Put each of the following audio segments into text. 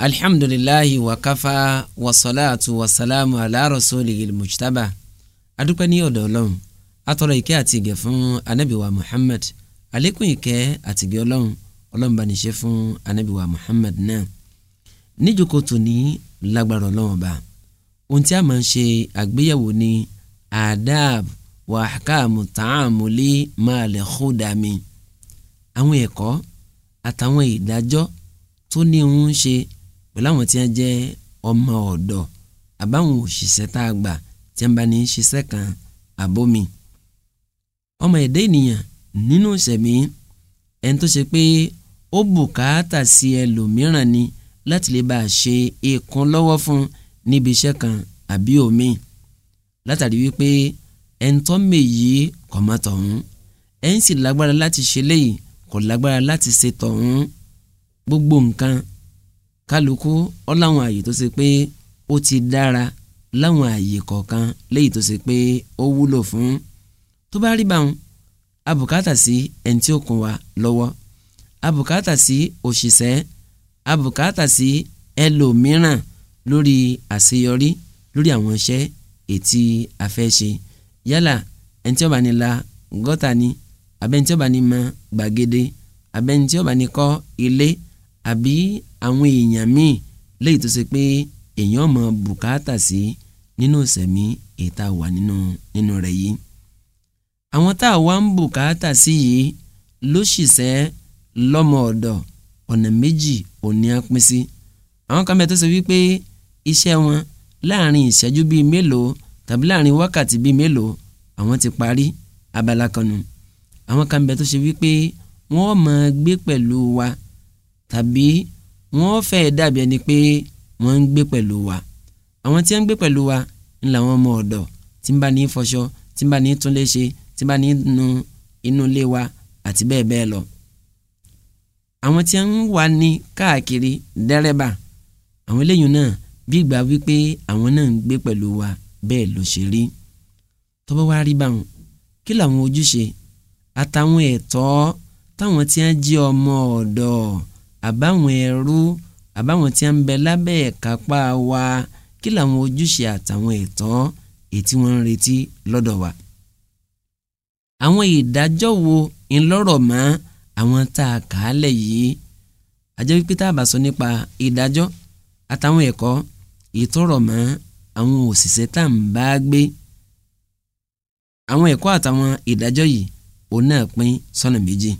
alhamdulilahi wakafa wasalaatu wasalaamu ala rasulihil mujtaba adúpẹ́ ní ọ̀dọ̀ ọlọ́run atọ́rọ ìkẹ́ àti ìgẹ̀ fún anabiwa muhammad àlékún ìkẹ́ àti ìgẹ̀ ọlọ́run ọlọ́run bá níṣe fún anabiwa muhammad náà níjókòtò ní lágbára ọlọ́run ọba ohun tí a máa ń ṣe àgbéyẹ̀wò ní adab wàhákàmù tààmùlé máa lè kó dàmí àwọn ẹ̀kọ́ àtàwọn ìdájọ́ tó ní ń ṣe pẹ̀lú àwọn tí wọ́n jẹ́ ọmọ ọ̀dọ́ àbáwọn òṣìṣẹ́ tá a gbà tí wọ́n bá ní í ṣiṣẹ́ kan àbómi ọmọ ẹ̀dá ènìyàn nínú ìṣẹ̀mí ẹni tó ṣe pé ó bùkátà sí ẹlòmíràn ni láti lè bá a ṣe ìkún lọ́wọ́ fún níbi iṣẹ́ kan àbí omi látàrí wípé ẹni tó mèyí kọ̀ mọ́ tọ̀hún ẹni sì lágbára láti ṣe léyìí kò lágbára láti ṣe tọ̀hún gbogbo nǹkan kálukú ọ láwọn àyè tó ṣe pé ó ti dára láwọn àyè kọ̀ọ̀kan léyìí tó ṣe pé ó wúlò fún tó bá rí báwọn abùkátà sí ẹni tí ó kún wa lọ́wọ́ abùkátà sí òṣìṣẹ́ abùkátà sí ẹlòmíràn lórí àṣeyọrí lórí àwọn iṣẹ́ ètí afẹ́ṣe yálà ẹni tí ó bá ní la gọ́tà ni abẹ́ni tí ó bá ní mọ gbàgede abẹ́ni tí ó bá ní kọ́ ilé àbí àwọn èèyàn míì léyìí tó ṣe pé èèyàn mọ bùkátà sí nínú ìsẹ̀mí ètà wà nínú nínú rẹ̀ yìí àwọn tá a wá ń bùkátà sí yìí ló ṣìṣẹ́ lọ́mọ ọ̀dọ̀ ọ̀nà méjì òní á pín sí àwọn kan bẹ tó ṣe wípé iṣẹ́ wọn láàrin ìṣẹ́jú bíi mélòó tàbí láàrin wákàtí bíi mélòó àwọn ti parí abala kanu àwọn kan bẹ tó ṣe wípé wọ́n máa gbé pẹ̀lú wa tàbí wọ́n fẹ́ẹ́ dàbí ẹni pé wọ́n ń gbé pẹ̀lú wa àwọn tí wọ́n ń gbé pẹ̀lú wa ń làwọn ọmọ ọ̀dọ̀ tí ń bá ní fọṣọ tí ń bá ní túnlé ṣe tí ń bá ní nu inú ilé wa àti bẹ́ẹ̀ bẹ́ẹ̀ lọ. àwọn tí wọ́n ń wà ní káàkiri dẹ́rẹ́bà àwọn eléyìí náà bí ìgbà wípé àwọn náà ń gbé pẹ̀lú wa bẹ́ẹ̀ ló ṣe rí tọ́bọ̀ wá rí báwọn kí làwọn ojúṣe àtàwọn ẹ̀tọ́ táwọn tí wọ́n jẹ́ ọmọ ọ̀dọ̀ àbáwọn ẹrú àbáwọn tí a ń bẹ lábẹ́ ìkápá wa kí làwọn ojúṣe àtàwọn ẹ̀tọ́ ètí wọ́n ń retí lọ́dọ̀ wa. àwọn ìdájọ́ wo ńlọ́rọ̀ mọ́ àwọn tá a kà á lẹ̀ yìí àjẹ́ wípé tá a bá sọ nípa ìdájọ́ àtàwọn ẹ̀kọ́ ìtọ́rọ̀ mọ́ àwọn òṣìṣẹ́ tá à ń bá gbé àwọn ẹ̀kọ́ àtàwọn ìdájọ́ yìí òun náà pín sọ́nà méjì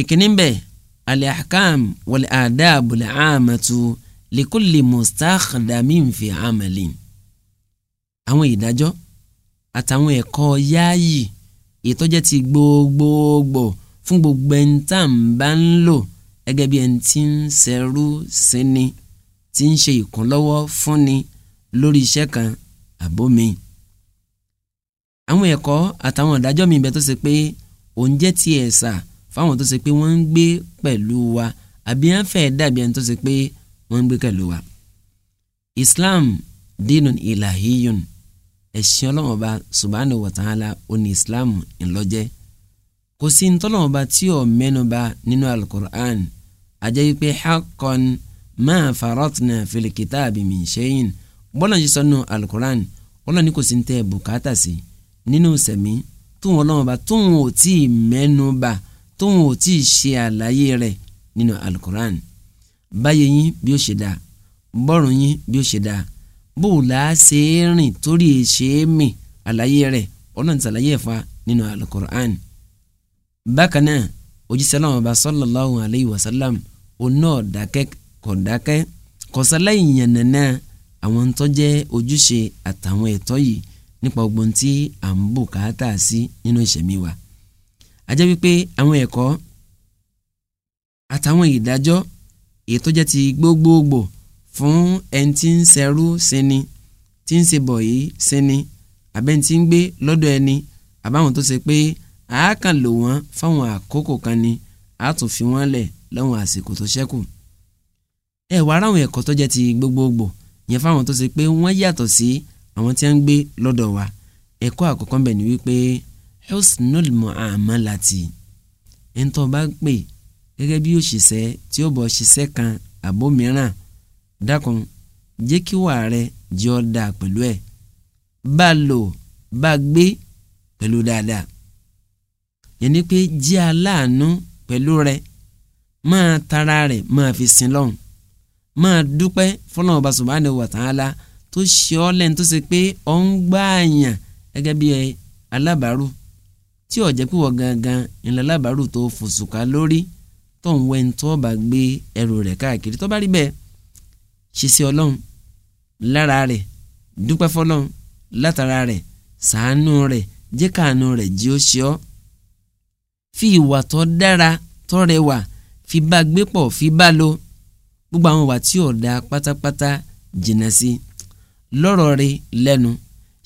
ìkíní ń al-ahkam wal-adab al-amatu likulli mustakhdamin fi amali. àwọn ìdájọ́ àtàwọn ẹ̀kọ́ yáàyì ìtọ́jẹ́ ti gbogbogbò fún gbogbo ẹni tá à ń bá ń lò gẹ́gẹ́ bí ẹni tí ń ṣerú síni tí ń ṣe ìkúnlọ́wọ́ fúnni lórí iṣẹ́ kan àbómi. àwọn ẹ̀kọ́ àtàwọn ìdájọ́ mi bẹ tó ṣe pé òun jẹ́ ti ẹ̀sà fáwọn tó ṣe pé wọ́n ń gbé pẹ̀lú wa àbí wọ́n fẹ́ẹ́ dàbí ẹni tó ṣe pé wọ́n ń gbé pẹ̀lú wa. Islam dinun ilahiyun ẹ̀sìn ọlọ́run ọba subhanahu wa ta'ala oní Islam ńlọ́jẹ́ kò sí ntọ́lọ́run ọba tí ò mẹ́nuba nínú alukur'an àjẹ́ wípé haqqan ma faratna fil kitabi min shay'in bọ́lá ń sọ nù alukur'an ọlọ́run ní kò sí ntẹ́ bùkátà sí nínú sẹ̀mí tóun ọlọ́run ọba tóun ò tí ì mẹ́nuba tóun ò tí ì ṣe àlàyé rẹ̀ nínú alukoran báyé yín bí ó ṣe dáa bọ́rùn yín bí ó ṣe dáa bóòlà ṣe é rìn torí ṣe é mì àlàyé rẹ̀ ọlọ́run ti ṣàlàyé ẹ̀fà nínú alukoran bákan náà òjíṣẹ́ láwọn ọba sallallahu alayhi wa sallam oná ọ̀dàkẹ́ kọ̀dákẹ́ kọ̀sálà ìyànnànà àwọn tó jẹ́ ojúṣe àtàwọn ẹ̀tọ́ yìí nípa ọgbọ́n tí à ń bùkátà sí nínú ìṣẹ̀mí wa ajẹ́ wípé àwọn ẹ̀kọ́ àtàwọn ìdájọ́ èyí tó jẹ́ ti gbogbogbò fún ẹni tí ń ṣẹrú sini tí ń ṣe bọ̀ yìí sini abẹ́ni tí ń gbé lọ́dọ̀ ẹni àbáwọn tó ṣe pé àákàn lò wọ́n fáwọn àkókò kan ni a tún fi wọ́n lẹ̀ lọ́wọ́n àsìkò tó ṣẹ́kù ẹ wá ráwọn ẹ̀kọ́ tó jẹ́ ti gbogbogbò yẹn fáwọn tó ṣe pé wọ́n yàtọ̀ sí àwọn tí wọ́n ń gbé lọ́dọ̀ wa ẹ̀kọ́ àkọ́kọ́ ń ni wípé husnul mu'amalati ntọ́ bá pè gẹ́gẹ́ bí òṣìṣẹ́ tí ó bọ̀ ṣiṣẹ́ kan àbó mìíràn dákun jẹ́ kí wà rẹ jẹ́ ọ́ dáa pẹ̀lú ẹ̀ bá lò bá gbé pẹ̀lú dáadáa yẹn ni pé jẹ́ aláàánú pẹ̀lú rẹ máa tara rẹ̀ máa fi sin lọ́hùn máa dúpẹ́ fọlọ́n ọba subhanahu wa ta'ala tó ṣe ọ́ lẹ́nu tó ṣe pé ọ̀ ń gbáàyàn gẹ́gẹ́ bí alábàárù tí ọ̀jẹ̀ pípọ̀ gangan ńlá lábàárù tó fòṣùkà lórí tó ń wẹ́n tó bá gbé ẹrù rẹ̀ káàkiri tó bá rí bẹ́ẹ̀ ṣe sí ọlọ́run lára rẹ̀ dúpẹ́ fọlọ́run látara rẹ̀ sàánú rẹ̀ jẹ́ káànú rẹ̀ jí ó ṣe ọ́ fi ìwà tó dára tó rẹwà fi bá gbé pọ̀ fi bá lo gbogbo àwọn ìwà tí ò pátápátá jìnnà sí lọ́rọ̀ rẹ̀ lẹ́nu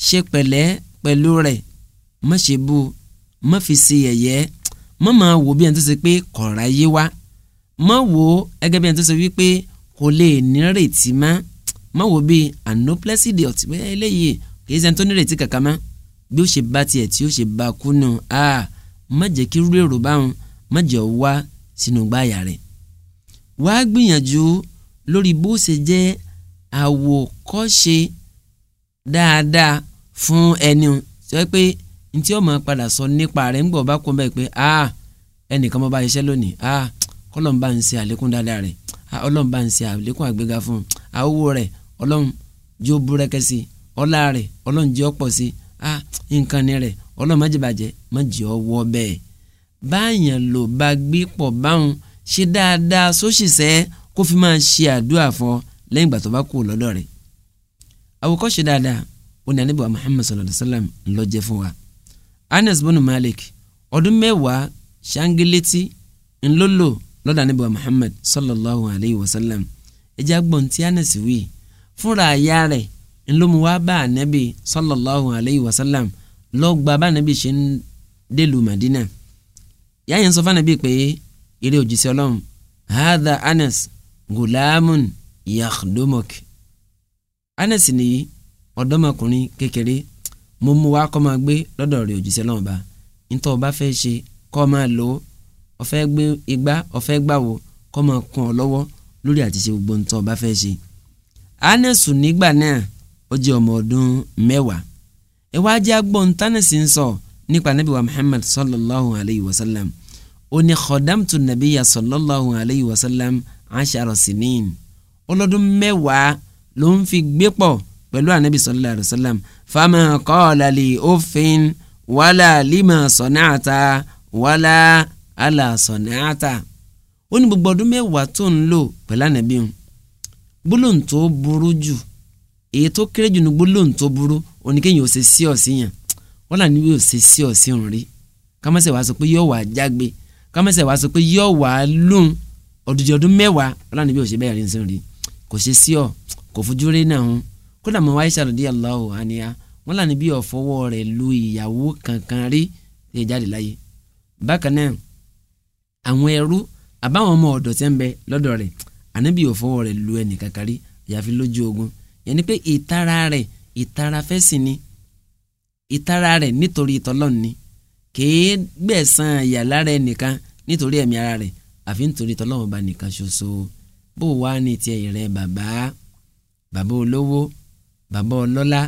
ṣe pẹ̀lẹ́ pẹ̀lú rẹ̀ má ṣe bú má fi ṣe yẹ̀yẹ́ má máa wò bí ẹni tó ṣe pé kọ̀ọ̀rá yé wá má wò ẹgẹ́ bí ẹni tó ṣe wípé kò lè nírètí má má wò bí anopleside ọ̀tí bẹ́ẹ̀ eléyìí kì í ṣe ẹni tó nírètí kankan má bí ó ṣe bá tiẹ̀ tí ó ṣe bá kúnnù á má jẹ́ kí rú èrò báwọn má jẹ́ ọ wá sínú gbáyà rẹ̀ wàá gbìyànjú lórí bó ṣe jẹ́ àwòkọ́ṣe dáadáa fún ẹni sọ pé ntí ọmọ padà sọ nípa rẹ̀ ń gbọ̀ bá kó bẹ́ẹ̀ pé ah ẹnìkan bá bá lónìí ah kọ́lọ́n bá ń ṣe àlékún dáadáa rẹ̀ ah ọlọ́n bá ń ṣe àlékún àgbéga fún un ah owó rẹ̀ ọlọ́n jó búrẹ́kẹ́ sí ọlá rẹ̀ ọlọ́n jẹ́ ọ̀pọ̀ sí ah nǹkan ni rẹ̀ ọlọ́n má jẹ́ bàjẹ́ má jẹ́ ọwọ́ bẹ́ẹ̀ báyàn ló bá gbé pọ̀ báwọn ṣe dáadáa sóṣìṣẹ́ kó fi máa ṣe àdúrà fún ọ ìgbà tó bá kú lọ́dọ̀ rẹ̀ àwòkọ́ṣe dáadáa ó ní anábìwá Muhammad sallallahu alayhi wa sallam ńlọ jẹ́ fún wa Anas bin Malik ọdún mẹ́wàá ṣáńgílétí ńlọ́lọ́ lọ́dà níbi wa Muhammad sallallahu alayhi wa sallam ẹja gbọ́n tí Anas wí fúnra aya rẹ̀ ńlọ́mu bá ànábì sallallahu alayhi wa sallam lọ́gba bá ànábì ṣe ń délùú Madina yáyẹn sọ fún ànábì pé eré òjíṣẹ́ Ọlọ́run hadha Anas gulamun yakhdumuk Anas ni ọ̀dọ́mọkùnrin kékeré mo mú wa kọ́ máa gbé lọ́dọ̀ rẹ̀ òjíṣẹ́ náà bá ntọ́ ọba fẹ́ ṣe kọ́ máa lò ó ọ̀fẹ́ gbé igbá ọ̀fẹ́ gbàwó kọ́ máa kún ọ lọ́wọ́ lórí àti ṣe gbogbo ntọ́ ọba fẹ́ ṣe. anẹ́sù nígbà náà ó jẹ́ ọmọ ọdún mẹ́wàá ẹ wá tánẹ̀sì ń sọ nípa nabi muhammad sallallahu alayhi wa sallam ó ní nabiya sallallahu alayhi wa sallam ashara sinin ọlọ́dún mẹ́wàá ló ń fi gbé pọ̀ pẹ̀lú anabi sallallahu alayhi wa sallam fama qala li uffin wala lima sana'ata wala ala sana'ata ó ní gbogbo ọdún mẹ́wàá tó ń lò pẹ̀lú anabi hàn gbólóhùn tó burú jù èyí tó kéré jù ní gbólóhùn tó burú oníkéyìn ò ṣe sí ọ̀sí yàn wọ́n là níbi ò ṣe sí ọ̀sí rí kámẹ́sẹ̀ wàá sọ pé yóò wàá jágbe kámẹ́sẹ̀ wàá sọ pé yóò wàá lóhùn ọdún mẹ́wàá wọ́n níbi ò ṣe bẹ́ẹ̀ rí nsọ́n rí kò ṣe sí ọ kò fojú rí náà kódà mọ Aisha radiyallahu anha wọn lànà bí ọ̀fọwọ́ rẹ̀ lu ìyàwó kankan rí lè jáde láyé bákan náà àwọn ẹrú àbáwọn ọmọ ọ̀dọ̀ tẹ́ ń bẹ lọ́dọ̀ rẹ̀ ànábì ọ̀fọwọ́ rẹ̀ lu ẹnì kankan rí àyàfi lójú ogun yẹn ni pé ìtara rẹ̀ ìtara fẹ́sìn ni ìtara rẹ̀ nítorí ìtọ́lọ́n ni kèé gbẹ̀sán ìyà lára ẹnìkan nítorí ẹ̀mí ara rẹ̀ àfi nítorí ìtọ́lọ́wọ́n ba nìkan ṣoṣo bó wàá ní tiẹ̀ rẹ̀ bàbá bàbá olówó bàbá ọlọ́lá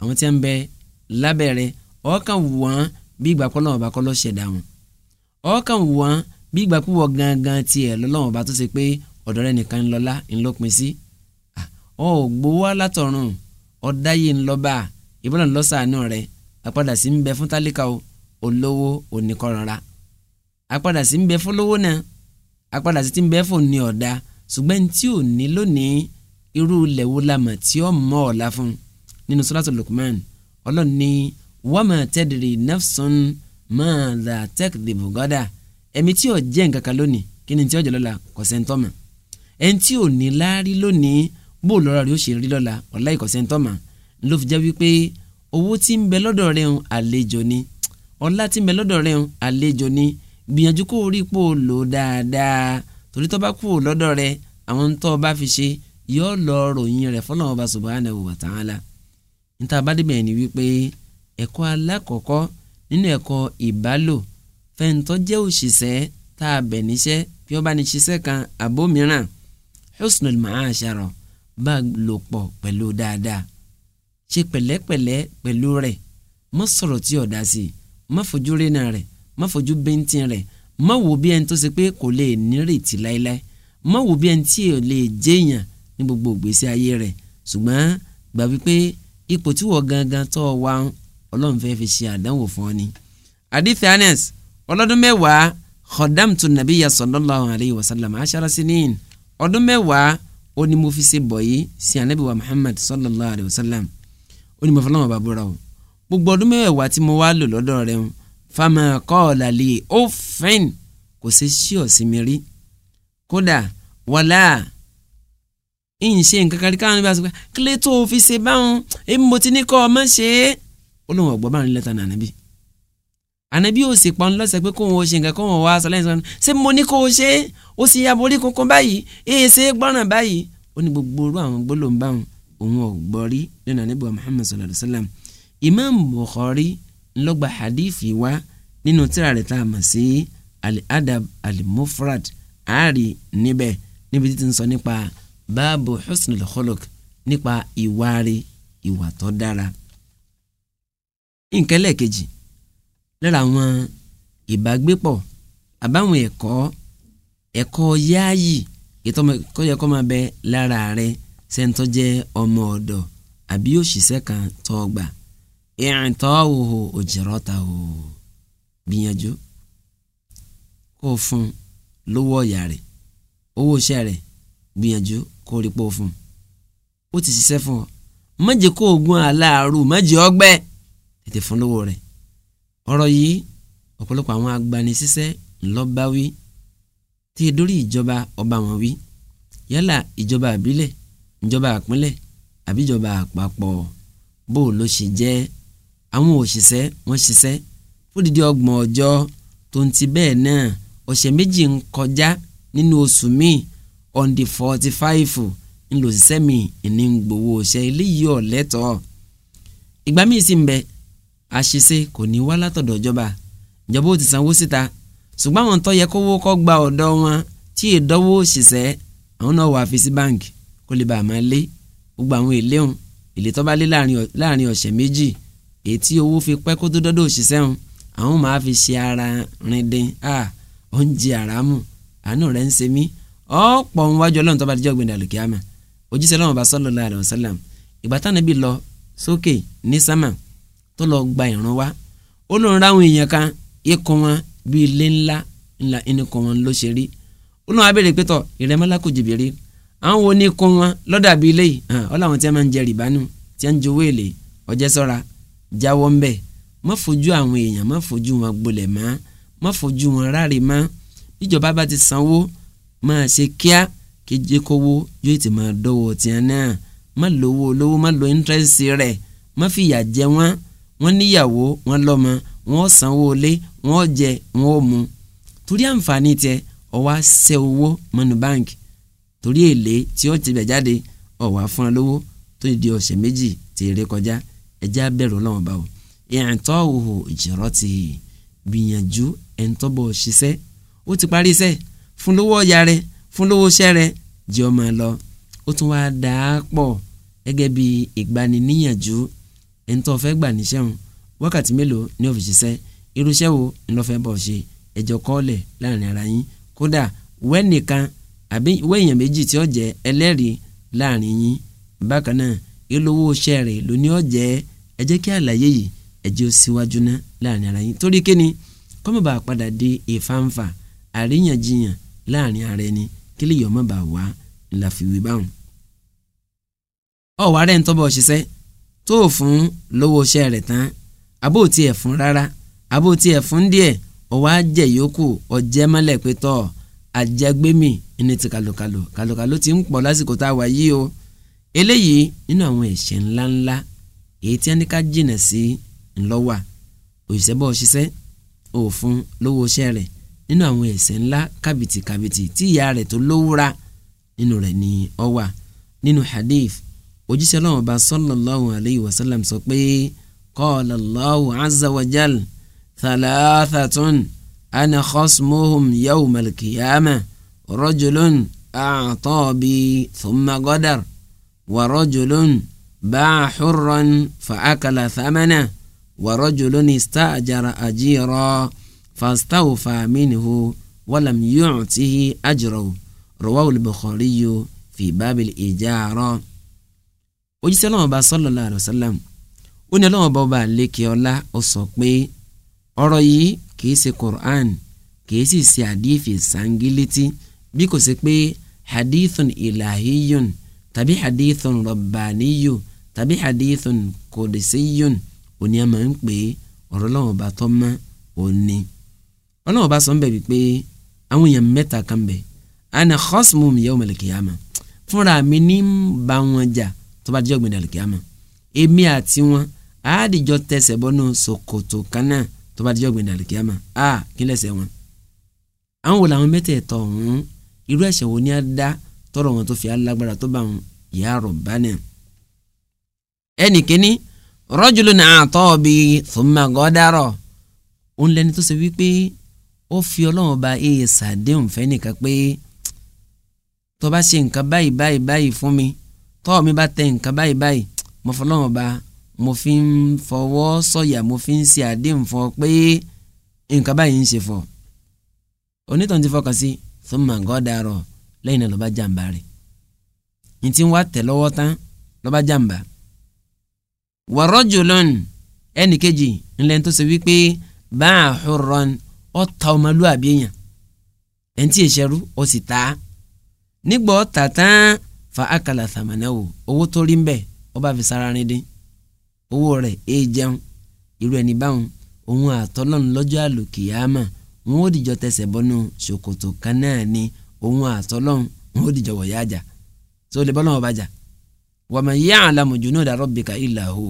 àwọn tí ń bẹ lábẹ́rẹ́ ọ̀ọ́kàn wọ́n bí ìgbà kọ́ lọ́wọ́ bá kọ́ lọ́ ṣẹ̀dá wọn ọ̀ọ́kàn wọ́n bí ìgbà kú wọ gangan tiẹ̀ lọ́lọ́wọ́ bá tó ṣe pé ọ̀dọ̀ rẹ̀ nìkan ń lọ́lá ń lópin sí ọ̀ gbowó alátọ̀run ọ̀dáyé ń lọ́ba ìbọ̀lọ̀ lọ́sàánú rẹ̀ àpadà sí ń bẹ fún tálíkà o olówó oníkọ̀rọ̀ra àpadà sí ń bẹ fún lówó náà àpadà sí ti ń bẹ fún ní ọ̀dà ṣùgbọ́n tí ò ní lónìí irú ilẹ̀ wo la mọ̀ tí ó mọ̀ ọ̀la fún nínú sọ́látò Lukman ọlọ́run ní wama tadri nafsun ma la takdibu gada ẹ̀mí tí ò jẹ́ nǹkan kan lónìí kí ni tí ó jẹ́ lọ́la kò sẹ́ńtọ́mà ẹni tí ò ní láárí lónìí bó lọ́ra rẹ̀ ó ṣe rí lọ́la ọ̀la ìkọ̀ sẹ́ńtọ́mà ló fi jẹ́ wípé owó tí ń bẹ lọ́dọ̀ rẹ̀ ń àlejò ni ọlá tí ń bẹ lọ́dọ̀ rẹ̀ ń àlejò ni gbìyànjú kó rí pò lò dáadáa torí tó bá kú lọ́dọ̀ rẹ̀ àwọn tó bá fi ṣe yóò lọ ròyìn rẹ̀ fọlọ́wọ́n bá subhanahu wa ta'ala níta bá débẹ̀ ni wípé ẹ̀kọ́ alákọ̀ọ́kọ́ nínú ẹ̀kọ́ ìbálò fẹ́ǹtọ́ jẹ́ òṣìṣẹ́ tá a bẹ̀ níṣẹ́ bí ó bá ní ṣiṣẹ́ kan àbó mìíràn husnul ma'ashara bá lò pọ̀ pẹ̀lú dáadáa ṣe pẹ̀lẹ́pẹ̀lẹ́ pẹ̀lú rẹ̀ má sọ̀rọ̀ tí ọ̀dà sí i má fojú rínà rẹ̀ má fojú bẹ́ńtìn rẹ̀ má wò bí ẹni tó ṣe pé kò lè nírètí láéláé má wò bí ẹni tí ò lè jẹ́yàn ní gbogbo ìgbésí ayé rẹ̀ ṣùgbọ́n gbà wípé ipò tí wọ́n gangan tó wà ọlọ́run fẹ́ fi ṣe àdánwò fún ọ ni. àdìsí anes ọlọ́dún mẹ́wàá kọ̀dám tó nàbí ya sallallahu alayhi wa sallam aṣara sinin ọdún mẹ́wàá ó ní mo fi ṣe bọ̀yì sí anabi muhammad sallallahu alayhi wa sallam ó ní mo fọlọ́ wọn bá búra o gbogbo ọdún mẹ́wàá tí mo wá lò lọ́dọ̀ rẹ̀ ń fama kọ́ọ̀lá lè ó fẹ́ǹ kò ṣe ṣí ọ̀sìn mi rí kódà wàlá ń nǹkan kan káwọn níbi àsopọ̀ kílé tó fi ṣe báwọn èmi mo ti ní kọ́ ọ ṣe é ó lóun ọ̀gbọ́n báwọn nílẹ̀ tán ànábì ànábì ò sì pọn lọ́sẹ̀ pé kóun ò ṣe nǹkan kóun ò wá aṣọ lẹ́yìn sọ́nà ṣé mo ní kó o ṣe é ó sì ya borí kankan báyìí èyí ṣe é gbọ́ràn báyìí ó ní gbogbo orú àwọn gbólóhùn òun ọ̀gbọ́ rí lẹ́nu Imam Bukhari ńlọgba hadithi wa nínú tíra rẹ̀ tá a mọ̀ adab al-mufrad àárí níbẹ̀ níbi títí ń sọ nípa báàbù husnul khuluq nípa ìwà rí ìwà tó dára. nǹkan lẹ́ẹ̀kejì lára àwọn ìbágbépọ̀ àbáwọn ẹ̀kọ́ ẹ̀kọ́ yáàyì ìtọ́mọ̀kọ́yẹ kọ́ máa bẹ lára rẹ sẹ́ńtọ́ jẹ́ ọmọ ọ̀dọ̀ àbí òṣìṣẹ́ kan tó gbà ìrìntọ́ òhò òjìrọ́ta òhò gbìyànjú kó fún lówó ọ̀yà rẹ̀ owó iṣẹ́ rẹ̀ gbìyànjú kó rí pọ̀ fún un ó ti ṣiṣẹ́ fún ọ má jẹ́ kó oògùn aláàárù má jẹ́ ọgbẹ́ tètè fún lówó rẹ̀ ọ̀rọ̀ yìí ọ̀pọ̀lọpọ̀ àwọn agbanisíṣẹ́ ńlọ́báwí tí edori ìjọba ọba wọn wí yálà ìjọba àbílẹ̀ ìjọba àpínlẹ̀ àbíjọba àpapọ̀ bó ló ṣe jẹ́ àwọn òṣìṣẹ́ wọ́n ṣiṣẹ́ fódìdí ọgbọ̀n ọjọ́ tó ń ti bẹ́ẹ̀ náà ọ̀sẹ̀ méjì ń kọjá nínú oṣù míì on the forty five ńlòṣìṣẹ́ mi ní gbowó ṣe eléyìí ọ̀lẹ́tọ̀ọ́ ìgbà míì sì ń bẹ àṣìṣe kò ní wá látọ̀dọ̀ ìjọba ìjọba ò ti sanwó síta ṣùgbọ́n àwọn tó yẹ kówó kọ́ gba ọ̀dọ̀ wọn tí ìdánwò òṣìṣẹ́ àwọn náà wà fi sí báǹkì kó lè bàa máa lé gbogbo àwọn èlé hùn èlé tó bá lé láàrin ọ̀sẹ̀ méjì èyí owó fi pẹ́ kó tó dọ́dọ̀ òṣìṣẹ́ hùn àwọn máa fi ṣe ara rìn dín oúnjẹ àràmù àánú rẹ̀ ń ṣe mí ọ̀pọ̀ ń wájú ọlọ́run tó bá dijọ́ gbẹ̀dẹ̀ àlùkìyàmà òjíṣẹ́ ọlọ́run bá sallallahu alaihi wasallam ìgbà táwọn ẹbí lọ sókè ní sámà tó lọ gba ìrun wá ó lóun ráwọn èèyàn kan ikọ̀ wọn bíi ilé ńlá ńlá ẹnìkan wọn ló ṣe rí ó lóun abẹ́rẹ́ pétọ̀ ìrẹ́mọ́lá kò jìbìrì àwọn wo ní ikọ̀ wọn lọ́dà bíi ilé yìí ọ tí a máa ń jẹ máa ṣe kíá kí jẹ́kọ́wó yóò ti máa dọ́wọ́ tiẹ̀ náà má lówó olówó má lo íńtírẹ́sì rẹ̀ má fìyà jẹ wọ́n wọ́n níyàwó wọ́n lọ́mọ wọ́n sanwó ilé wọ́n jẹ wọ́n mu torí àǹfààní tiẹ̀ ọwọ́ ṣẹ́ owó mọ́nu báńkì torí èlé tí ó ti bẹ̀ jáde ọ̀wá fún ọ lówó tó di ọ̀sẹ̀ méjì tí èrè kọjá ẹjẹ́ abẹ́rù ọlọ́wọ́n bá o ìrìntọ́ òhò ìjìrọ́ ti gbìyànjú ẹ̀ńtọ́bọ̀ ṣiṣẹ́ ó ti parí iṣẹ́ fún lówó ọ̀yà rẹ fún lówó iṣẹ́ rẹ jẹ́ ọmọ lọ ó tún wá dà á pọ̀ gẹ́gẹ́ bí ìgbaniníyànjú ẹni tó fẹ́ gbà níṣẹ́ wọn wákàtí mélòó ni ó fi ṣiṣẹ́ irúṣẹ́ wo ni ló fẹ́ bọ̀ ṣe ẹjọ́ kọ́ọ̀lẹ̀ láàrin ara yín kódà wẹ́nìkan àbí wẹ́yàn méjì tí ó jẹ́ ẹlẹ́rìí láàrin yín bákan náà ìlówó iṣẹ́ rẹ̀ lóní ọ̀jẹ́ ẹ jẹ́ kí àlàyé yìí ẹ jẹ́ ó síwájú ná láàrin ara yín torí kíni kọ́mọ̀bà padà di ìfàǹfà àríyànjiyàn láàrin ara ẹni kí lè yọ ọmọ bá wà ńlá fìwé báwọn. ọ̀wá rẹ̀ ń tọ́bọ̀ ṣiṣẹ́ tó fún lówó iṣẹ́ rẹ̀ tán abó tí ẹ̀ fún rárá abó tí ẹ̀ fún díẹ̀ ọ̀wá jẹ̀ yòókù ọ̀jẹ́ mọ́lẹ̀ pé tọ́ àjẹgbẹ́mì ẹni ti kàlùkàlù kàlùkàlù ti ń pọ̀ lásìkò tá a wà yìí o eléyìí nínú àwọn ẹ̀ṣẹ̀ ńláńlá èyí tí a jìnà sí ńlọ́wà òṣìṣẹ́ bọ́ ṣiṣẹ́ òfun lówó iṣẹ́ rẹ̀ nínú àwọn ẹ̀ṣẹ̀ ńlá kàbìtì kàbìtì tí ìyá rẹ̀ tó lówúra nínú rẹ̀ ni ó wà nínú hadith òjíṣẹ́ Ọlọ́hun Ọba sallallahu alayhi wa sallam sọ pé qala Allahu azza wa jal thalathatun ana khasmuhum yawma al-qiyamah rajulun a'ta bi thumma qadar wa rajulun باع حرا فأكل ثمنه ورجل استأجر أجيرا fastawfa minhu walam yu'tihi ajrahu rawahu al-Bukhariyu fi babil ijara. òjíṣẹ́ náà bá sallallahu alaihi wasallam ó ní ọlọ́wọ́ bọ́ba lékè ọlá ó sọ pé ọ̀rọ̀ yìí kìí ṣe Qur'an kìí sì ṣe àdìfì sangiliti bí kò ṣe pé hadithun ilahiyun tàbí hadithun rabbaniyu tàbí hadithun kodisiyun òní a máa ń pè ọ̀rọ̀ lọ́wọ́ bá tọ́ mọ́ òní ọlọ́run bá sọ ń bẹ̀ wípé àwọn èèyàn mẹ́ta kan bẹ̀ ana khasmum yawmal qiyamah fúnra mi ní bá wọn jà tó bá jẹ́ ọ̀gbìn àlùkìyàmà èmi àti wọn àádìjọ tẹsẹ̀ bọ́nú ṣòkòtò kan náà tó bá jẹ́ ọ̀gbìn àlùkìyàmà a kí lẹ́sẹ̀ wọn. àwọn wo làwọn mẹ́tẹ̀ẹ̀tọ̀ ọ̀hún irú ẹ̀ṣẹ̀ wo ni a dá tọrọ wọn tó fi alágbára tó bá wọn ya Rabbana. ẹnì kínní rajulun a'ta bi thumma ghadara òun lẹni tó ó fi ọlọ́run ba eye sàdéhùn fẹ́ nìkan pé tó bá ṣe nǹkan báyìí báyìí báyìí fún mi tọ́ mi bá tẹ nǹkan báyìí báyìí mo fọlọ́run ba mo fi ń fọwọ́ sọ̀yà mo fi ń ṣe àdéhùn fún ọ pé nǹkan báyìí ń ṣe fọ onítàn ti fọkàn sí fún màgọ́ dàrọ̀ lẹ́yìn náà ló bá jàǹbá rẹ̀ ní tí wọ́n á tẹ̀ lọ́wọ́ tán ló bá jàǹbá wọ́rọ́ jùlọ ẹnì kejì ńlẹ́ tó ṣe wípé báà hurran ọ̀tá ọmọlúwàbí èèyàn ẹni tí ìṣẹ́rú ó sì ta nígbà ọ̀tá tán fa akala sàmánẹ́wò owó tó rí ń bẹ̀ ó bá fi sára rin dín owó rẹ̀ èè e jẹun irú ẹni báwọn òun àtọ́lọ́run lọ́jọ́ àlòkìyàmà wọn ò dìjọ tẹsẹ̀ bọ́nú ṣòkòtò kan náà ni òun àtọ́lọ́run wọn ò dìjọ wọ̀yá àjà tó lè bọ́lọ́run ọba jà wàmà yá àlàmù jù náà dàrọ́ bìkà ìlà hù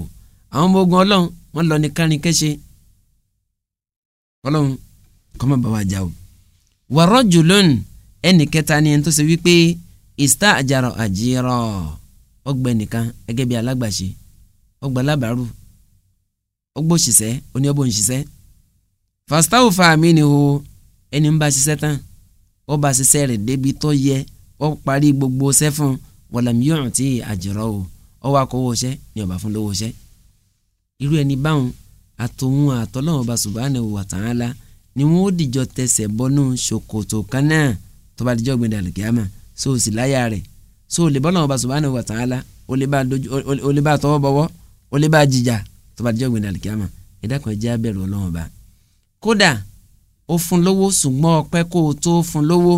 àwọn ọmọ ogun ọlọ́run wọn lọ ní kárin kẹ́sẹ́ ọlọ́run kọ́mọ bá wa jà o. wàrọ̀ jùlọ́n ẹnì kẹta ni ẹni tó ṣe wípé ìsítà àjàrọ̀ àjírọ̀ ọgbẹ́ nìkan gẹ́gẹ́ bí alágbàṣe ọgbà alábàárù ọgbà òṣìṣẹ́ oní ọgbà òṣìṣẹ́ fàstáwò fàmí ni o ẹni ń bá ṣiṣẹ́ tán ó bá ṣiṣẹ́ rẹ̀ débi tó yẹ ó parí gbogbo sẹ́fún wàlàmíyàn tí àjẹrọ o ó wá kó owó ni ọba fún lówó ṣẹ́ irú ẹni báwọn àtòun àtọ́lọ́wọ́n ọba subhanahu wa ni wọn ó dìjọ tẹsẹ̀ bọ́nú ṣòkòtò kan náà tó bá dìjọ́ gbẹ̀dẹ̀ àlùkìyàmà so ò sì láyà rẹ̀ so ò lè bọ́ lọ́wọ́ bá subhanahu wa ta'ala ó lè bá tọwọ́ bọ̀wọ́ ó lè bá jìjà tó bá dìjọ́ gbẹ̀dẹ̀ àlùkìyàmà ìdákan ẹ̀jẹ̀ abẹ́rù ọlọ́wọ́ bá. kódà ó fún lówó ṣùgbọ́n ọpẹ́ kó o tó fún lówó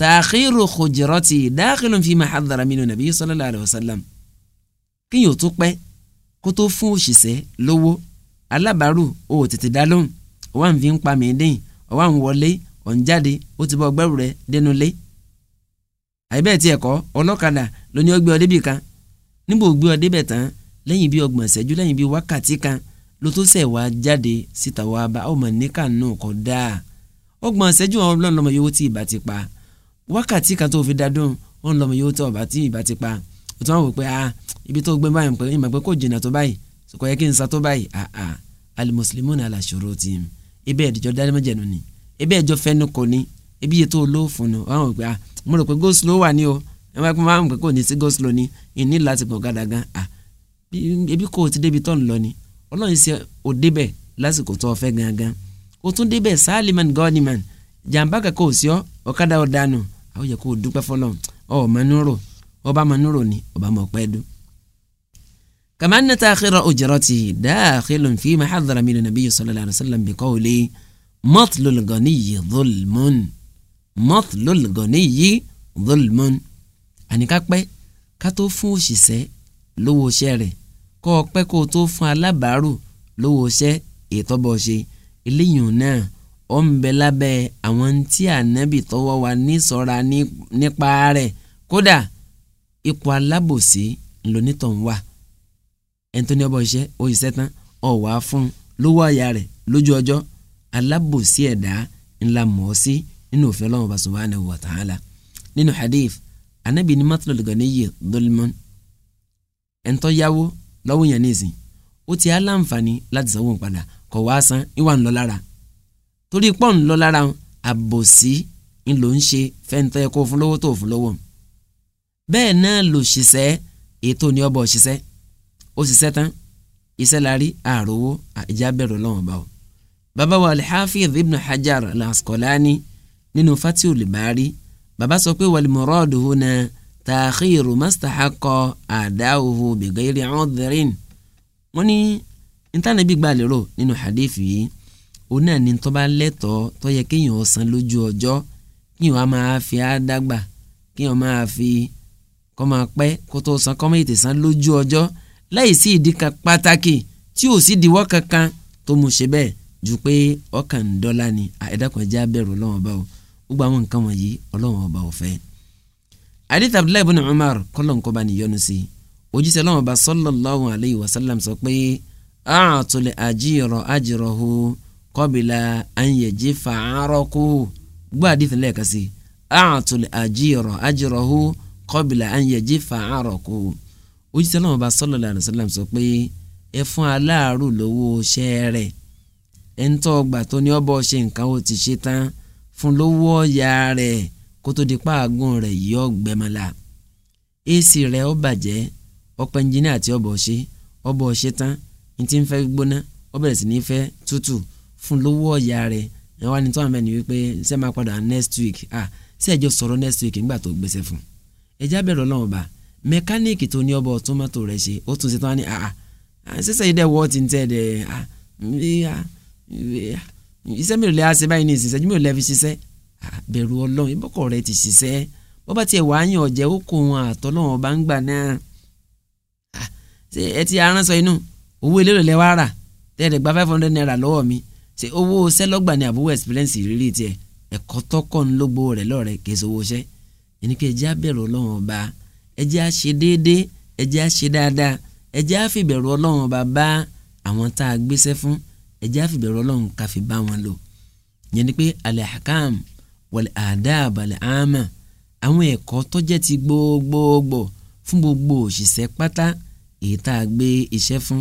ta'khiru khujrati dakhilun fima hadhara minhu nabi sallallahu ọwọ́ à ń fi ń pa mí dẹ́yìn ọwọ́ à ń wọlé ọ̀ ń jáde ó ti bọ́ ọgbẹ́rù rẹ dénú lé àìbẹ́ẹ̀ tiẹ̀ kọ́ ọlọ́kadà ló ní ó gbé ọ débì kan níbo gbé ọ débẹ̀ tán lẹ́yìn bí ọgbọ̀n ṣẹ́jú lẹ́yìn bí wákàtí kan ló tó ṣẹ̀ wá jáde síta wá bá ọmọ níkà náà kọ́ dáa ọgbọ̀n ṣẹ́jú ọlọ́run lọ́mọ yòówó tí ìbá ti pa wákàtí kan tún wá wò pé a ah, ibi tó gbé báyìí ìmọ̀ pé kò jìnnà tó báyìí sọkọ yẹ kí n sa tó báyìí àà ah, ah. al muslimuna ala shurutihim ebe ẹ̀dìjọ́ e dárímọ́jẹ̀nu ni ebe ẹ̀jọ́ e fẹ́nu kò ní ebi yẹ tó lóòfù nù àwọn òpè à mo ah, rò pé goslo wà ní o ẹ e máa pín máa ń pè kò ní sí goslo ni ìní láti pọ̀ gàdàgàn à ebi kò ti débi tó ń lọ ni ọlọ́run ṣe ò débẹ̀ lásìkò tó fẹ́ gangan o tún débẹ̀ sálíman gọ́ọ̀nìman jàǹbá kàkọ́ ò sí ọ ọ̀kadà ọ̀dànù àwọn yẹ kó o dúpẹ́ fọlọ́ ọ̀ manúrò ọba manúrò ni ọba mọ̀ pẹ́ dùn kàmá ní tàkìrọ̀ òjìrọ̀tì dáàkìlù fi máa xàdàrà mi nàbí yìí sallallahu alaihi wasallam bí kọ́wọ́lé mọ́tìlúl gọ̀níyì dhulmun mọ́tìlúl gọ̀níyì dhulmun. àníkápẹ́ ká tó fún òṣìṣẹ́ lówó iṣẹ́ rẹ̀ kọ́ ọ pẹ́ kó o tó fún alábàárù lówó iṣẹ́ ètò bọ̀ ṣe eléyìí náà ó ń bẹ lábẹ́ àwọn tí ànábì tọwọ́ wa ní ṣọ́ra nípa rẹ̀ kódà ipò alábòsí ńlọ nítọ̀ ń wà ẹni tó ní ọbọ̀ iṣẹ́ ó iṣẹ́ tán ọ̀ wá fún un lówó àyà rẹ̀ lójú ọjọ́ alábòsí ẹ̀dá ńlá mọ̀ ọ́ sí nínú òfin ọlọ́run bá subhanahu wa ta'ala nínú hadith anabi ni matulul ganiyi dolman ẹni tó yáwó lọ́wọ́ yẹn nísìn ó ti aláǹfààní láti sanwó padà kọ̀ wá san ìwà ńlọ lára torí pọ́ùn ńlọ àbòsí ńlò ń ṣe fẹ́ntọ́ ẹ̀kọ́ fún lówó tó fún lówó bẹ́ẹ̀ náà lò ṣiṣẹ́ ètò ní ọbọ̀ ṣiṣẹ́ ó sì sẹ́tán iṣẹ́ la rí àròwó ìjà bẹ̀rù lọ́wọ́n bá o. bàbá wa al-Hafiz ibn Hajar al-Asqalani nínú Fathul Bari bàbá sọ pé wal-muradu huna ta'khiru mastahaqqa ada'uhu bighayri 'udhrin wọ́n ní ntànàbí gbà lérò nínú hadithi yìí òun náà ní tọ́ba lẹ́tọ̀ọ́ tó yẹ kéèyàn san lójú ọjọ́ kéèyàn á máa fi á dàgbà kéèyàn máa fi kọ́ máa pẹ́ kó san kọ́ máa tètè san lójú ọjọ́ láì sí ìdí kan pàtàkì tí ò sí ìdíwọ́ kankan tó mú ṣe bẹ́ẹ̀ ju pé ọkàn ń dọ́là ni àìdákọ̀já bẹ̀rù ọlọ́run ọba o gbogbo àwọn nǹkan wọ̀nyí ọlọ́run ọba ò fẹ́. adith abdullahi ibn umar kọ́lọ́nkọ́ bá níyọnu sí ojúṣe ọlọ́run ọba sallallahu alayhi wa sallam sọ pé àtúlẹ̀ àjírọ̀ àjírọ̀ hù kọ́bìlà ànyẹ̀jẹ̀ fàárọ̀kù gbọ́ òjíṣẹ́ náà bá sallallahu alaihi wasallam sọ pé ẹ fún aláàárù lówó ṣẹ́ rẹ̀ ẹ̀ ń tọ́ ọgbà tó ní ọbọ̀ ṣe nǹkan ó ti ṣe tán fún lówó ọ̀yà rẹ̀ kó tó di páàgùn rẹ̀ yọ gbẹmọ́lá èsì rẹ̀ ó bàjẹ́ ọ̀pẹ̀ ẹnjìnìà àti ọbọ̀ ṣe ọbọ̀ ṣe tán ní ti ń fẹ́ gbóná ó bẹ̀rẹ̀ sí ní fẹ́ tútù fún lówó ọ̀yà rẹ̀ ẹ̀ wá ní tó àmẹ́ni wípé ṣé máa padà next week ah ṣé ẹjọ́ sọ̀rọ̀ next week nígbà tó gbèsè fún ẹ̀já bẹ̀rẹ̀ ọlọ́run bá mẹkáníìkì tó ní ọbọ̀ tó mọ́tò rẹ̀ ṣe ó tún ṣe tán á a àà sísè yìí dẹ̀ wọ́ ti ń tẹ̀ dẹ̀ ah, ah, ah, iṣẹ́ mi ò lẹ́ àṣẹ báyìí ní ìṣiṣẹ́ mi ò lẹ́ fi ṣiṣẹ́ bẹ̀rù ọlọ́run ìbọ̀kọ̀ rẹ̀ ti ṣiṣẹ́ bó bá tiẹ̀ wàá yàn ọ̀jẹ̀ ó kó wọn ń gbà náà ṣe ẹ ti aránsọ inú owó elérò lẹ wá rà tẹ́lẹ̀ gba five hundred naira lọ́wọ́ mi ṣe owó sẹ́lọ́gbà ni àbúrò experience rírì tiẹ̀ ẹ̀kọ́ tọ́kọ̀ ńlógbó rẹ̀ lọ́ọ̀rẹ́ kì í ṣe owó iṣẹ́ ẹni ẹ já bẹ̀rù ọlọ́run ọba ẹ jẹ́ á ṣe déédéé ẹ jẹ́ á ṣe dáadáa ẹ jẹ́ á fìbẹ̀rù ọlọ́run ọba bá àwọn tá a gbéṣẹ́ fún ẹ jẹ́ á fìbẹ̀rù ọlọ́run ká fi bá wọn lò yẹn ni pé al-ahkam wal-adab al-aama àwọn ẹ̀kọ́ tó jẹ́ ti gbogbogbò fún gbogbo òṣìṣẹ́ pátá èyí tá a gbé iṣẹ́ fún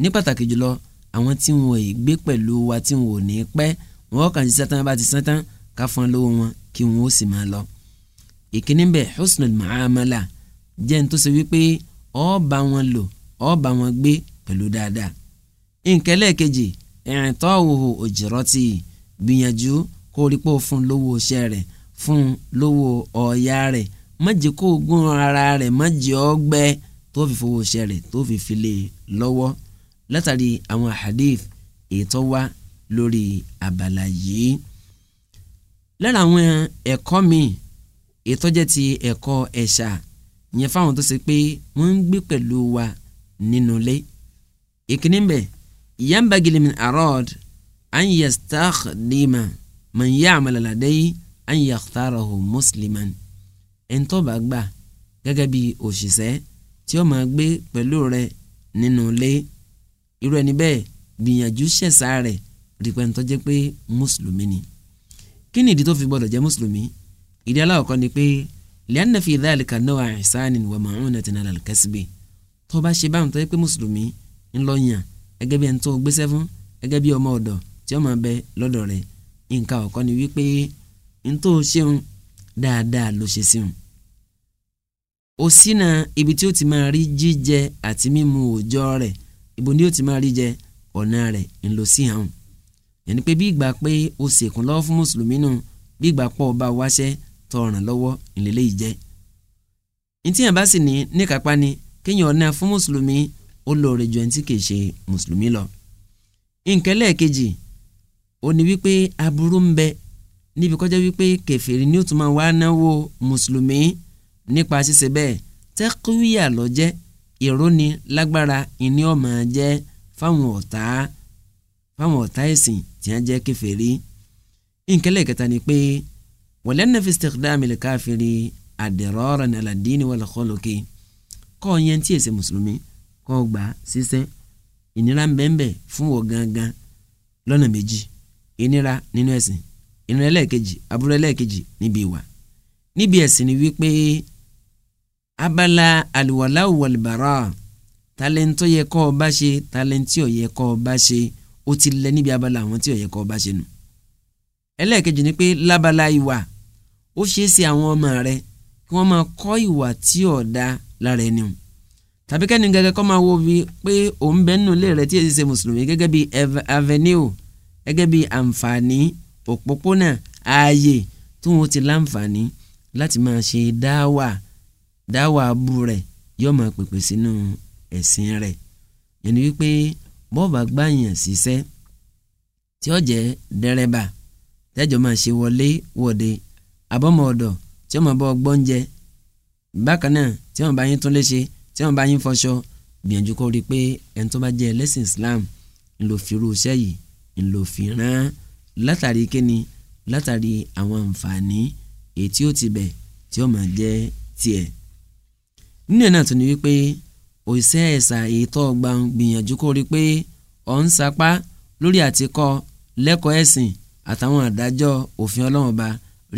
ní pàtàkì jùlọ àwọn tí wọn ò gbé pẹ̀lú wa tí wọn ò ní pẹ́ wọn kàn ṣiṣẹ́ tán bá ti ṣiṣẹ́ ká fún lówó wọn kí wọn ó sì máa lọ. ìkíní bẹ́ẹ̀ husnul ma'amala jẹ́ ní tó ṣe wípé ó bá wọn lò ó bá wọn gbé pẹ̀lú dáadáa. nkẹ́lẹ́ kejì ìrìn tó òhò òjìrọ́ ti gbìyànjú kó rí pé ó fún lówó iṣẹ́ rẹ̀ fún lówó ọ̀ọ́yá rẹ̀ má jẹ́ kó gún ara rẹ̀ má jẹ́ ó gbẹ tó fi fowó iṣẹ́ rẹ̀ tó fi file lọ́wọ́ látàrí àwọn hadith ètò wa lórí abala yìí lára àwọn ẹ̀kọ́ mi ètò ti ẹ̀kọ́ ẹ̀ṣà ìyẹn fáwọn tó ṣe pé wọ́n ń gbé pẹ̀lú wa nínú ilé ìkíní bẹ̀ yambagili min arod an yastakhdima man ya'mal ladayhi an yakhtarahu musliman ẹ̀ńtọ́ bá gbà gẹ́gẹ́ bí òṣìṣẹ́ tí ó máa gbé pẹ̀lú rẹ nínú ilé irú ẹni bẹ́ẹ̀ gbìyànjú ṣẹ̀ṣà rẹ̀ rípẹ́ ń tọ́jẹ́ pé mùsùlùmí ni kí ni ìdí tó fi gbọ́dọ̀ jẹ́ mùsùlùmí ìdí aláwọ̀kọ́ ni pé lianna fi dhalika náwó ihsanin wa ma'unatin ala al-kasbi tó bá ṣe báwọn tó yẹ pé mùsùlùmí ńlọyàn gẹ́gẹ́ bí ẹni tó gbéṣẹ́ fún gẹ́gẹ́ bí ọmọ ọ̀dọ̀ tí ó máa bẹ lọ́dọ̀ rẹ̀ nǹkan ọ̀kọ́ ni wípé ntó ṣeun dáadáa ló ṣe ṣeun ó sínà ibi tí ó ti máa rí jíjẹ àti mímu òòjọ́ rẹ̀ ibo ni ó ti máa rí jẹ ọ̀nà rẹ̀ ńlọ sí àwọn yẹn ni pé bí ìgbà pé o ṣèkùn lọ́wọ́ fún mùsùlùmí nù bí ìgbà pọ̀ ọba wáṣẹ́ tọràn lọ́wọ́ ìlélẹ́ yìí jẹ́ ntí yẹn bá sì ní níkàpá ni kéèyàn ọ̀nà fún mùsùlùmí ó lóore ju ẹni tí kìí ṣe mùsùlùmí lọ. nǹkan lẹ́ẹ̀kejì ó ní wípé aburú ń bẹ níbi kọjá wípé kèfèrí ni ó tún máa wá náwó mùsùlùmí nípa ṣíṣe bẹ́ẹ̀ tẹ́kúwíyà lọ jẹ́ ìróni lágbára ìní ó jẹ́ fáwọn ọ̀tá fáwọn ọ̀tá ẹ̀sìn tí wọ́n jẹ́ kèfèrí. nǹkan lẹ́ẹ̀kẹta ni pé wọlẹ́nà fi istikdami lè káfíìrì àdìrọ́rọ̀ ní aládìní wọlé kọlọ́kì kọ́ ọ yẹn tí èsè mùsùlùmí kọ́ ọ gbà sísẹ́ ìnira ńbẹ́ńbẹ́ fún wọ gangan lọ́nà méjì ìnira nínú ẹ̀sìn ìnira ẹlẹ́ẹ̀kejì aburú ẹlẹ́ẹ̀kejì níbi ìwà níbi ẹ̀sìn ni wípé abala àlùwàlá wàlùbàrà tálẹ́ntọ́ yẹ kọ́ ọ bá ṣe tálẹ́ntì ò yẹ kọ́ ọ bá ṣe ó ti lẹ níbi abala àwọn tí ò yẹ kọ́ ọ bá ṣe nù ẹlẹ́ẹ̀kejì ni pé lábala ìwà ó ṣeé ṣe àwọn ọmọ rẹ kí wọ́n máa kọ́ ìwà tí ọ̀dà lára ẹni o tàbí kẹ́ni gẹ́gẹ́ kọ́ máa wo bí pé òun bẹ́ẹ̀ nínú ilé rẹ tí èsì ṣe mùsùlùmí gẹ́gẹ́ bí avenue gẹ́gẹ́ bí àǹfààní òpópónà ààyè tí wọ́n ti láǹfààní láti máa ṣe dáwà dáwà abú rẹ̀ yóò máa pèpè sínú ẹ̀sìn rẹ̀ yẹn ni wípé bọ́ọ̀bà gbàyàn ṣiṣẹ́ tí ó jẹ́ tẹ́jọ́ máa ṣe wọlé wọ̀de abọ́mọ ọ̀dọ̀ tí wọ́n máa bọ́ gbọ́únjẹ bákan náà tí wọ́n bá yín tún léṣe tí wọ́n bá yín fọṣọ gbìyànjú kó rí i pé ẹni tó bá jẹ́ ẹlẹ́sìn Islam ńlò fi irú iṣẹ́ yìí ńlò fi rán látàrí kíni látàrí àwọn àǹfààní èyí tí ó ti bẹ̀ tí ó máa jẹ́ tiẹ̀. nínú ẹ̀ náà tún ni wípé òṣìṣẹ́ ẹ̀sà ètò ọgbà gbìyànjú kó rí i pé ọ̀ ń sapá lórí àtikọ́ lẹ́kọ̀ọ́ ẹ̀sìn àtàwọn àdájọ́ òfin Ọlọ́run ba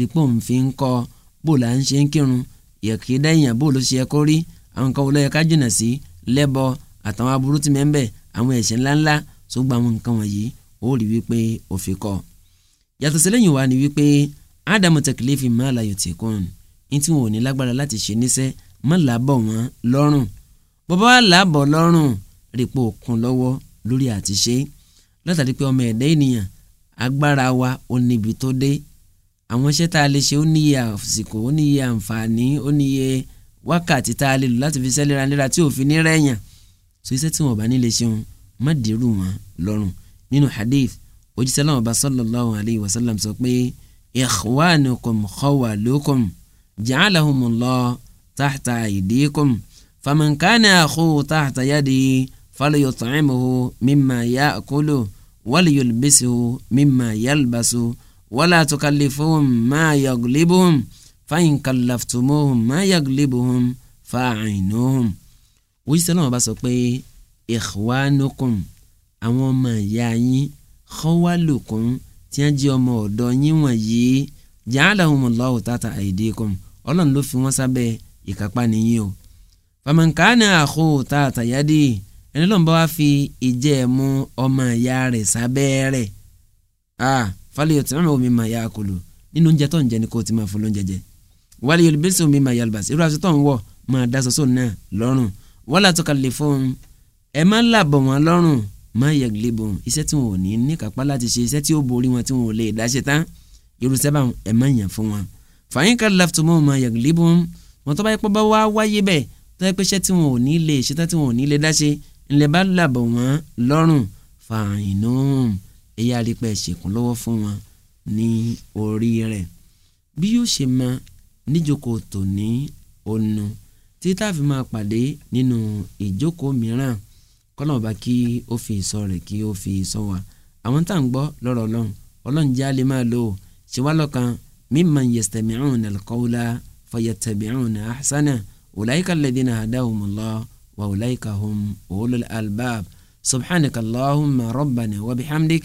rípò ń fi ń kọ́ bó la ń ṣe ń kírun yẹ̀kí dẹ́yìn bó ló ṣe ẹ kó rí àwọn kan wọlé ẹ̀ka jìnnà sí lẹ́bọ àtàwọn aburú ti mẹ́ńbẹ̀ àwọn ẹ̀ṣẹ̀ ńláńlá tó gba àwọn nǹkan wọ̀nyí ó rí wípé òfin kọ́ yàtọ̀ sí lẹ́yìn wa ni wípé ádámù tẹ̀kílẹ́ fi máa la yòtì kún ní tí wọn ò ní lágbára láti ṣe níṣẹ́ má làbọ̀ wọn lọ́rùn bọ́bá wa làbọ̀ lọ́rùn rípò kún lọ́wọ́ lórí àtiṣe látàrí pé ọmọ ẹ̀dá ènìyàn agbára wa ò níbi tó dé àwọn iṣẹ́ tá a lè ṣe ó níye àsìkò ó níye àǹfààní ó níye wákàtí tá a lè lò láti fi sẹ́lẹ̀ ránlẹ́ra tí òfin ní rẹ̀yàn so iṣẹ́ tí wọ́n bá nílé ṣeun má dèrú wọn lọ́rùn nínú hadith òjíṣẹ́ láwọn ọba sallallahu alayhi wa sallam sọ pé ikhwanukum khawalukum ja'alahumullah tahta aydikum faman kana akhuhu tahta yadihi falyut'imhu mimma ya'kulu walyulbishu mimma yalbasu wala tukallifuhum ma yaglibuhum fa'in kallaftumuhum ma yaglibuhum fa'inuhum. òjíṣẹ́ náà bá sọ pé ikhwanukum àwọn ọmọ ìyá yín khawalukum tí wọ́n jẹ́ ọmọ ọ̀dọ́ yín wọ̀nyí ja'alahumullahu tata aidikum ọlọ́run ló fi wọ́n sábẹ́ ìkápá nìyí o famankana àkó tata yadi ẹni lọ́nba wá fi ìjẹ́ mu ọmọ ìyá rẹ̀ sábẹ́ rẹ̀ ah fálẹ̀ yóò ti mọ̀ omi máa yá akolo nínú oúnjẹ tó ń jẹ ni kò tí máa fún lóúnjẹ jẹ wálé yóò bẹ́sẹ̀ omi máa yálbà sí irú aṣọ tó ń wọ̀ máa da soso náà lọ́rùn wọ́n látọ̀ kalẹ̀ fún ẹ má làbọ̀ wọn lọ́rùn má yẹ gilebon iṣẹ́ tí wọn ò ní ní kápá láti ṣe iṣẹ́ tí ó borí wọn tí wọn ò lè dáṣe tán irúṣẹ́ bá ẹ má yàn fún ṣe tán tí wọn ò ní ẹ̀yà arípẹ́ ṣèkún lọ́wọ́ fún wọn ní orí rẹ̀ bí yóò ṣe máa níjókòó tòní ònu tí táàfin máa pàdé nínú ìjókòó mìíràn kọ́nàbà kí ó fi ìsọ rẹ̀ kí ó fi ìsọ wa àwọn tá à ń gbọ́ lọ́rọ̀ ọlọ́run ọlọ́run jẹ́ alẹ́ máa lò ó ṣe wá lọ́kàn mimman yastami'una al-qawla fayattabi'una ahsana ulaika alladhina hadahumullah wa ulaika hum ulul albab subhanaka allahumma rabbana wa bihamdik